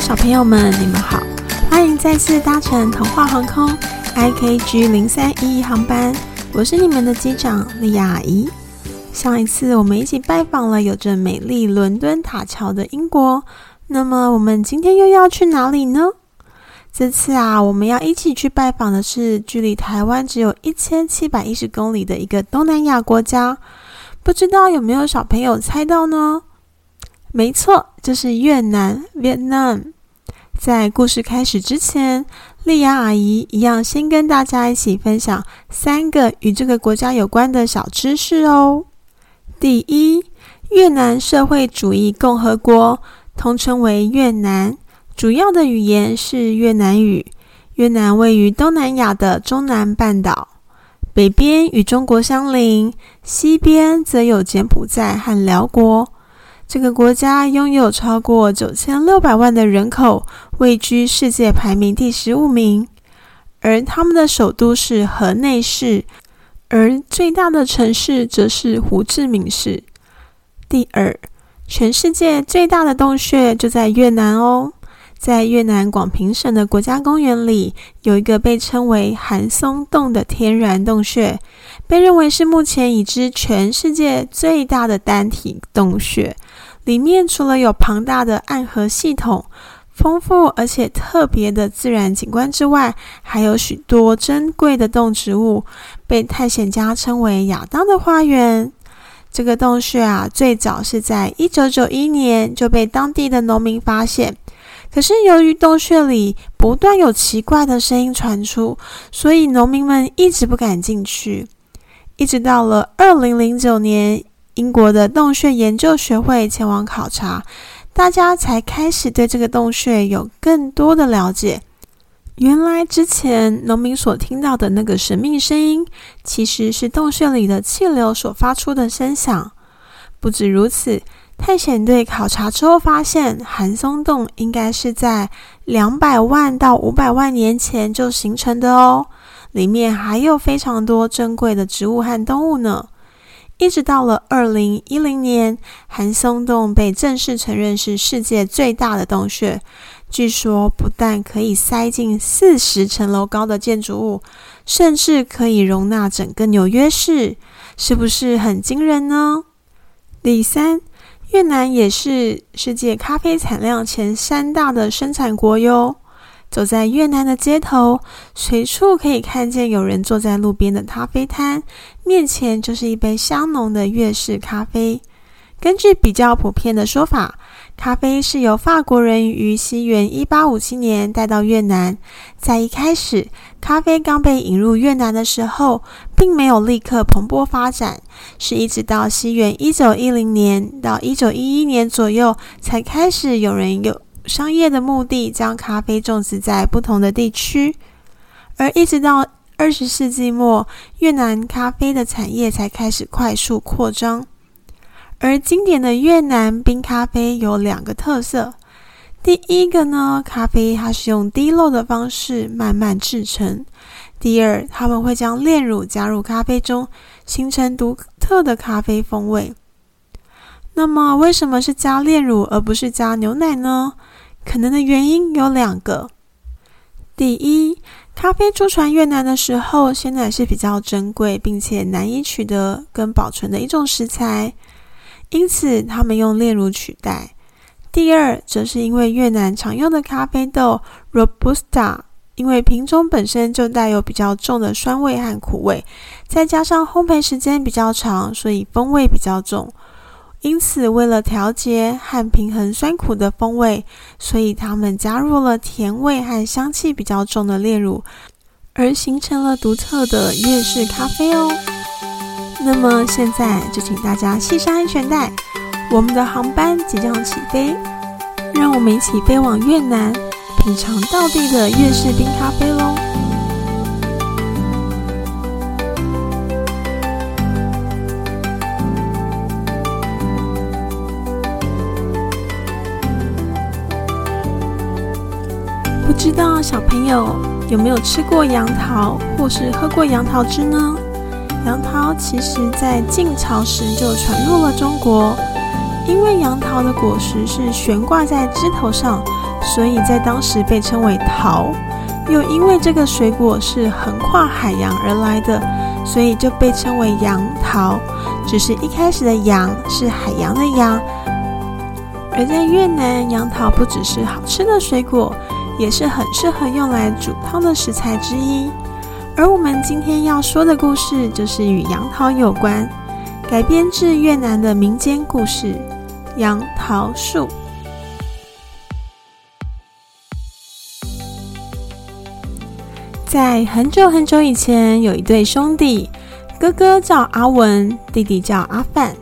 小朋友們，你們好，歡迎再次搭乘童話航空 IKG 零三一航班，我是你們的機長李雅阿姨。上一次我們一起拜訪了有着美麗倫敦塔橋的英國，那麼我們今天又要去哪裡呢？這次啊，我們要一起去拜訪的是距離台灣只有一千七百一十公里的一個東南亞國家，不知道有沒有小朋友猜到呢？沒錯。就是越南，Vietnam。在故事開始之前，麗雅阿姨一樣先跟大家一起分享三個與這個國家有關的小知識哦。第一，越南社會主義共和國，通稱為越南，主要的語言是越南語。越南位於東南亞的中南半島，北邊與中國相鄰，西邊則有柬埔寨和寮國。這個國家擁有超過九千六百萬的人口，位居世界排名第十五名。而他們的首都是河內市，而最大的城市則是胡志明市。第二，全世界最大的洞穴就在越南哦。在越南廣平省的國家公園裡，有一個被稱為“寒松洞”的天然洞穴，被認為是目前已知全世界最大的單體洞穴。裡面除了有龐大的暗河系統、豐富而且特別的自然景觀之外，還有許多珍貴的動植物，被探險家稱為“亞當的花園”。這個洞穴啊，最早是在一九九一年就被當地的農民發現，可是由於洞穴裡不斷有奇怪的聲音傳出，所以農民們一直不敢進去。一直到了二零零九年。英國的洞穴研究學會前往考察，大家才開始對這個洞穴有更多的了解。原來之前農民所聽到的那個神秘聲音，其實是洞穴裡的氣流所發出的聲響。不止如此，探險隊考察之後發現，韓松洞應該是在兩百萬到五百萬年前就形成的哦，裡面還有非常多珍貴的植物和動物呢。一直到了二零一零年，韓松洞被正式承認是世界最大的洞穴。據說不但可以塞進四十層樓高的建築物，甚至可以容納整個紐約市，是不是很驚人呢？第三，越南也是世界咖啡產量前三大的生產國喲。走在越南的街頭，隨處可以看見有人坐在路邊的咖啡攤，面前就是一杯香濃的越式咖啡。根據比較普遍的說法，咖啡是由法國人於西元1857年帶到越南。在一開始，咖啡剛被引入越南的時候，並沒有立刻蓬勃發展，是一直到西元1910年到1911年左右才開始有人有，商業的目的將咖啡種植在不同的地區，而一直到二十世紀末，越南咖啡的產業才開始快速擴張。而經典的越南冰咖啡有兩個特色：第一個呢，咖啡它是用滴漏的方式慢慢製成；第二，他們會將煉乳加入咖啡中，形成獨特的咖啡風味。那麼，為什麼是加煉乳而不是加牛奶呢？可能的原因有兩個：第一，咖啡初傳越南的時候，鮮奶是比較珍貴並且難以取得跟保存的一種食材，因此他們用煉乳取代；第二，則是因為越南常用的咖啡豆 Robusta，因為品種本身就帶有比較重的酸味和苦味，再加上烘焙時間比較長，所以風味比較重。因此，為了調節和平衡酸苦的風味，所以他們加入了甜味和香氣比較重的煉乳，而形成了獨特的越式咖啡哦。那麼現在就請大家繫上安全帶，我們的航班即將起飛，讓我們一起飛往越南，品嘗道地的越式冰咖啡嘍。不知道小朋友有沒有吃過楊桃，或是喝過楊桃汁呢？楊桃其實在晉朝時就傳入了中國。因為楊桃的果實是懸掛在枝頭上，所以在當時被稱為桃。又因為這個水果是橫跨海洋而來的，所以就被稱為楊桃。只是一開始的“楊”是海洋的“洋”，而在越南，楊桃不只是好吃的水果。也是很適合用來煮湯的食材之一。而我們今天要說的故事，就是與楊桃有關，改編自越南的民間故事《楊桃樹》。在很久很久以前，有一對兄弟，哥哥叫阿文，弟弟叫阿范。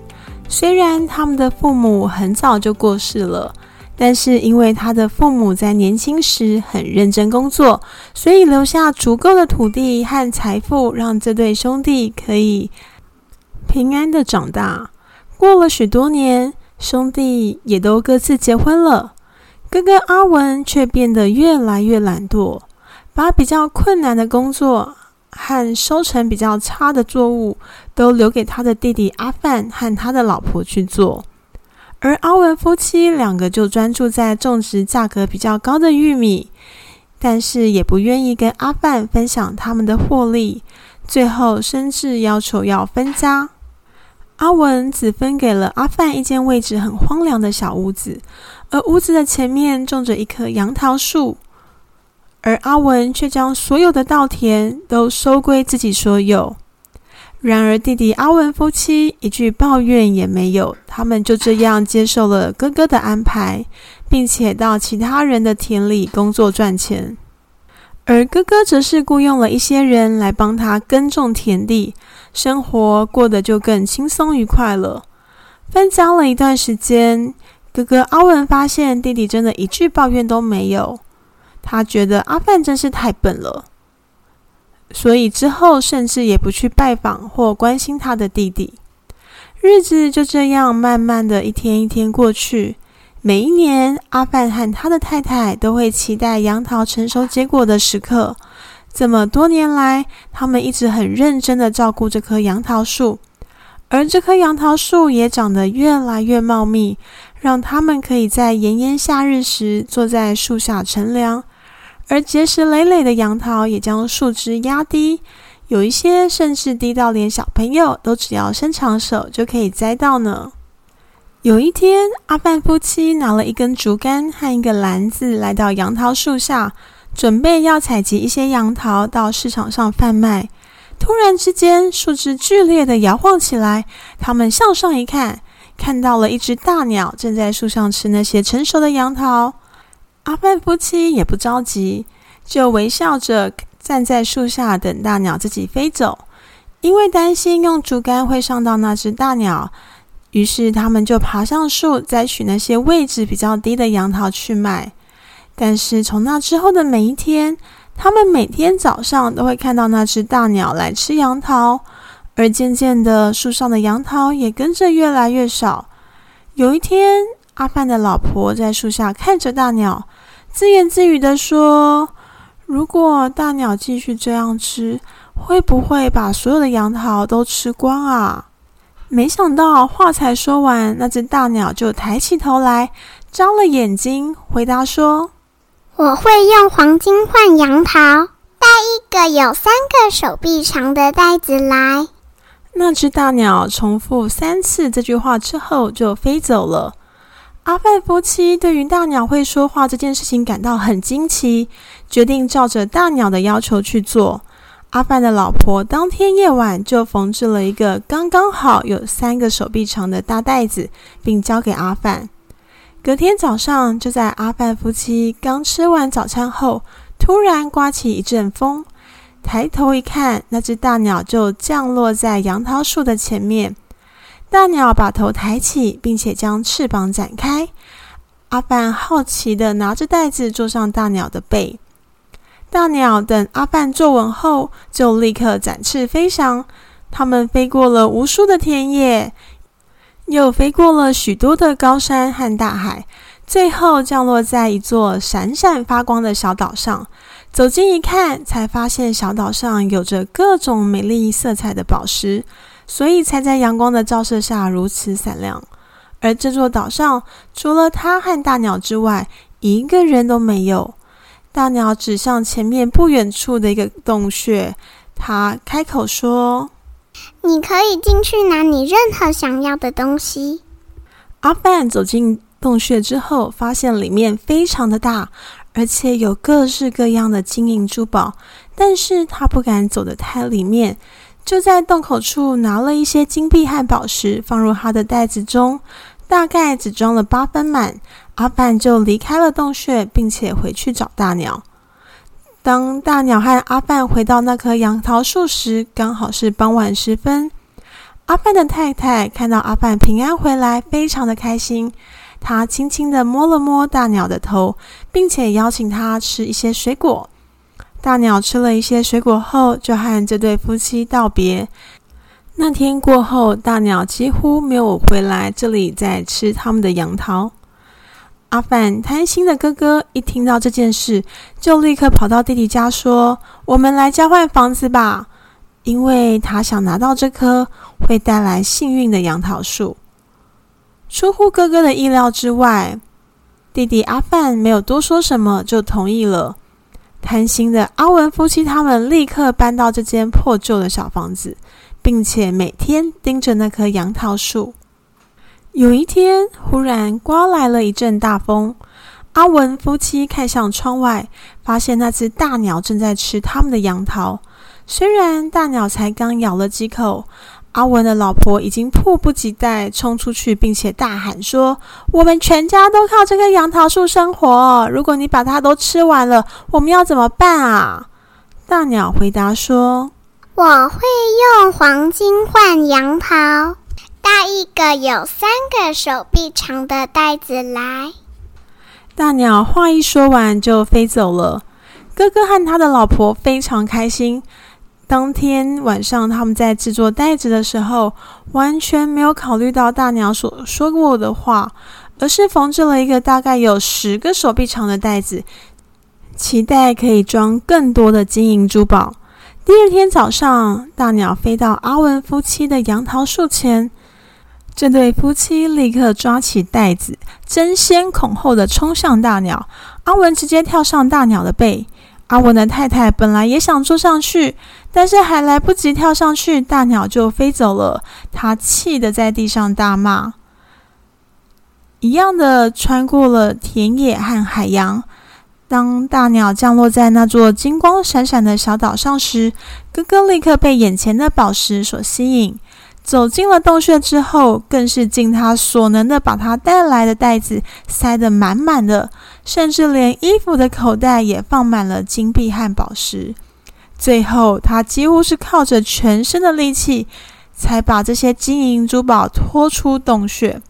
雖然他們的父母很早就過世了。但是，因為他的父母在年輕時很認真工作，所以留下足夠的土地和財富，讓這對兄弟可以平安的長大。過了許多年，兄弟也都各自結婚了。哥哥阿文卻變得越來越懶惰，把比較困難的工作和收成比較差的作物都留給他的弟弟阿范和他的老婆去做。而阿文夫妻兩個就專注在種植價格比較高的玉米，但是也不願意跟阿范分享他們的獲利，最後甚至要求要分家。阿文只分給了阿范一間位置很荒涼的小屋子，而屋子的前面種着一棵楊桃樹，而阿文卻將所有的稻田都收歸自己所有。然而，弟弟阿文夫妻一句抱怨也沒有，他們就這樣接受了哥哥的安排，並且到其他人的田裡工作賺錢。而哥哥則是僱傭了一些人來幫他耕種田地，生活過得就更輕鬆愉快了。分家了一段時間，哥哥阿文發現弟弟真的一句抱怨都沒有，他覺得阿范真是太笨了。所以之後，甚至也不去拜訪或關心他的弟弟。日子就這樣慢慢的一天一天過去。每一年，阿范和他的太太都會期待楊桃成熟結果的時刻。這麼多年來，他們一直很認真的照顧這棵楊桃樹，而這棵楊桃樹也長得越來越茂密，讓他們可以在炎炎夏日時坐在樹下乘涼。而結實纍纍的楊桃也將樹枝壓低，有一些甚至低到連小朋友都只要伸長手就可以摘到呢。有一天，阿范夫妻拿了一根竹竿和一個籃子來到楊桃樹下，準備要採集一些楊桃到市場上販賣。突然之間，樹枝劇烈地搖晃起來，他們向上一看，看到了一隻大鳥正在樹上吃那些成熟的楊桃。阿範夫妻也不着急，就微笑着站在樹下等大鳥自己飛走。因為擔心用竹竿會傷到那只大鳥，於是他們就爬上樹摘取那些位置比較低的楊桃去賣。但是從那之後的每一天，他們每天早上都會看到那只大鳥來吃楊桃，而漸漸的，樹上的楊桃也跟着越來越少。有一天，阿範的老婆在樹下看着大鳥。自言自語地說：“如果大鳥繼續這樣吃，會不會把所有的楊桃都吃光啊？”沒想到話才說完，那隻大鳥就抬起頭來，張了眼睛，回答說：“我會用黃金換楊桃，帶一個有三個手臂長的袋子來。”那隻大鳥重複三次這句話之後，就飛走了。阿範夫妻對於大鳥會說話這件事情感到很驚奇，決定照着大鳥的要求去做。阿範的老婆當天夜晚就縫制了一個剛剛好有三個手臂長的大袋子，並交給阿範。隔天早上，就在阿範夫妻剛吃完早餐後，突然颳起一陣風，抬頭一看，那只大鳥就降落在楊桃樹的前面。大鳥把頭抬起，並且將翅膀展開。阿凡好奇地拿着袋子坐上大鳥的背。大鳥等阿凡坐穩後，就立刻展翅飛翔。他們飛過了無數的田野，又飛過了許多的高山和大海，最後降落在一座閃閃發光的小島上。走近一看，才發現小島上有着各種美麗色彩的寶石。所以才在陽光的照射下如此閃亮。而這座島上除了他和大鳥之外，一個人都沒有。大鳥指向前面不遠處的一個洞穴，他開口說：“你可以進去拿你任何想要的東西。”阿范走進洞穴之後，發現裡面非常的大，而且有各式各樣的金銀珠寶，但是他不敢走得太裡面。就在洞口處拿了一些金幣和寶石，放入他的袋子中，大概只裝了八分滿。阿范就離開了洞穴，並且回去找大鳥。當大鳥和阿范回到那棵楊桃樹時，剛好是傍晚時分。阿范的太太看到阿范平安回來，非常的開心。他輕輕的摸了摸大鳥的頭，並且邀請他吃一些水果。大鳥吃了一些水果後，就和這對夫妻道別。那天過後，大鳥幾乎沒有回來這裡再吃他們的楊桃。阿范貪心的哥哥一聽到這件事，就立刻跑到弟弟家說：“我們來交換房子吧，因為他想拿到這棵會帶來幸運的楊桃樹。”出乎哥哥的意料之外，弟弟阿范沒有多說什麼，就同意了。貪心的阿文夫妻，他們立刻搬到這間破舊的小房子，並且每天盯着那棵楊桃樹。有一天，忽然颳來了一陣大風，阿文夫妻看向窗外，發現那隻大鳥正在吃他們的楊桃。雖然大鳥才剛咬了幾口。阿文的老婆已經迫不及待衝出去，並且大喊說：“我們全家都靠這棵楊桃樹生活，如果你把它都吃完了，我們要怎麼辦啊？”大鳥回答說：“我會用黃金換楊桃，帶一個有三個手臂長的袋子來。”大鳥話一說完就飛走了。哥哥和他的老婆非常開心。當天晚上，他們在制作袋子的時候，完全沒有考慮到大鳥所說過的話，而是縫制了一個大概有十個手臂長的袋子，期待可以裝更多的金銀珠寶。第二天早上，大鳥飛到阿文夫妻的楊桃樹前，這對夫妻立刻抓起袋子，爭先恐後的衝向大鳥。阿文直接跳上大鳥的背。阿文的太太本來也想坐上去，但是還來不及跳上去，大鳥就飛走了。她氣得在地上大罵。一樣的穿過了田野和海洋。當大鳥降落在那座金光閃閃的小島上時，哥哥立刻被眼前的寶石所吸引，走進了洞穴之後，更是盡他所能的把他帶來的袋子塞得滿滿的。甚至連衣服的口袋也放滿了金幣和寶石。最後，他幾乎是靠着全身的力氣，才把這些金銀珠寶拖出洞穴。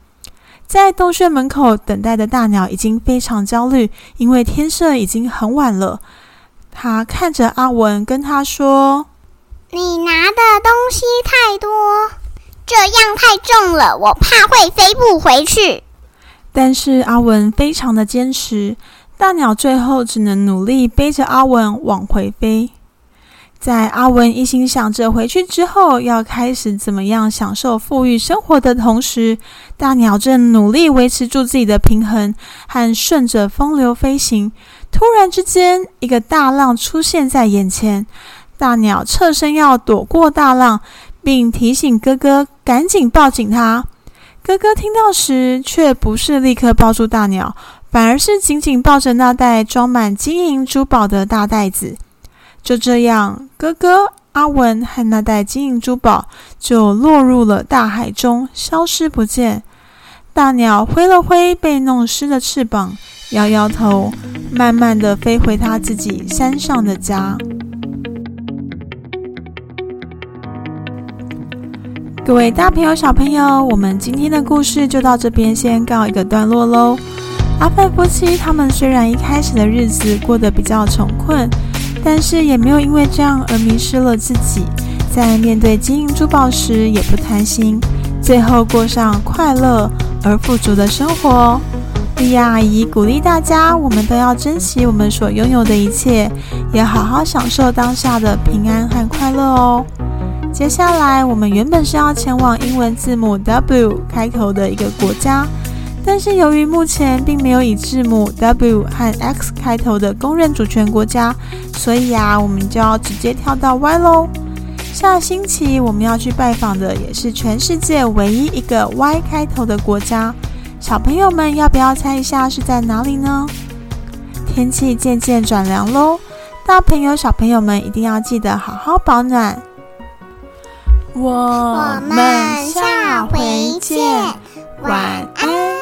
在洞穴門口等待的大鳥已經非常焦慮，因為天色已經很晚了。他看着阿文跟他說：“你拿的東西太多，這樣太重了，我怕會飛不回去。”但是阿文非常的堅持，大鳥最後只能努力背着阿文往回飛。在阿文一心想着回去之後要開始怎麼樣享受富裕生活的同時，大鳥正努力維持住自己的平衡和順着風流飛行。突然之間，一個大浪出現在眼前，大鳥側身要躲過大浪，並提醒哥哥趕緊抱緊他。哥哥聽到時，卻不是立刻抱住大鳥，反而是緊緊抱着那袋裝滿金銀珠寶的大袋子。就這樣，哥哥阿文和那袋金銀珠寶就落入了大海中，消失不見。大鳥揮了揮被弄濕的翅膀，搖搖頭，慢慢地飛回他自己山上的家。各位大朋友、小朋友，我們今天的故事就到這邊，先告一個段落嘍。阿發夫妻他們雖然一開始的日子過得比較窮困，但是也沒有因為這樣而迷失了自己，在面對金銀珠寶時也不貪心，最後過上快樂而富足的生活哦。莉亞阿姨鼓勵大家，我們都要珍惜我們所擁有的一切，也好好享受當下的平安和快樂哦。接下來，我們原本是要前往英文字母 W 開頭的一個國家，但是由於目前並沒有以字母 W 和 X 開頭的公認主權國家，所以啊，我們就要直接跳到 Y 咯。下星期我們要去拜訪的也是全世界唯一一個 Y 開頭的國家，小朋友們要不要猜一下是在哪裡呢？天氣漸漸轉涼嘍，大朋友小朋友們一定要記得好好保暖。我們下回見，晚安！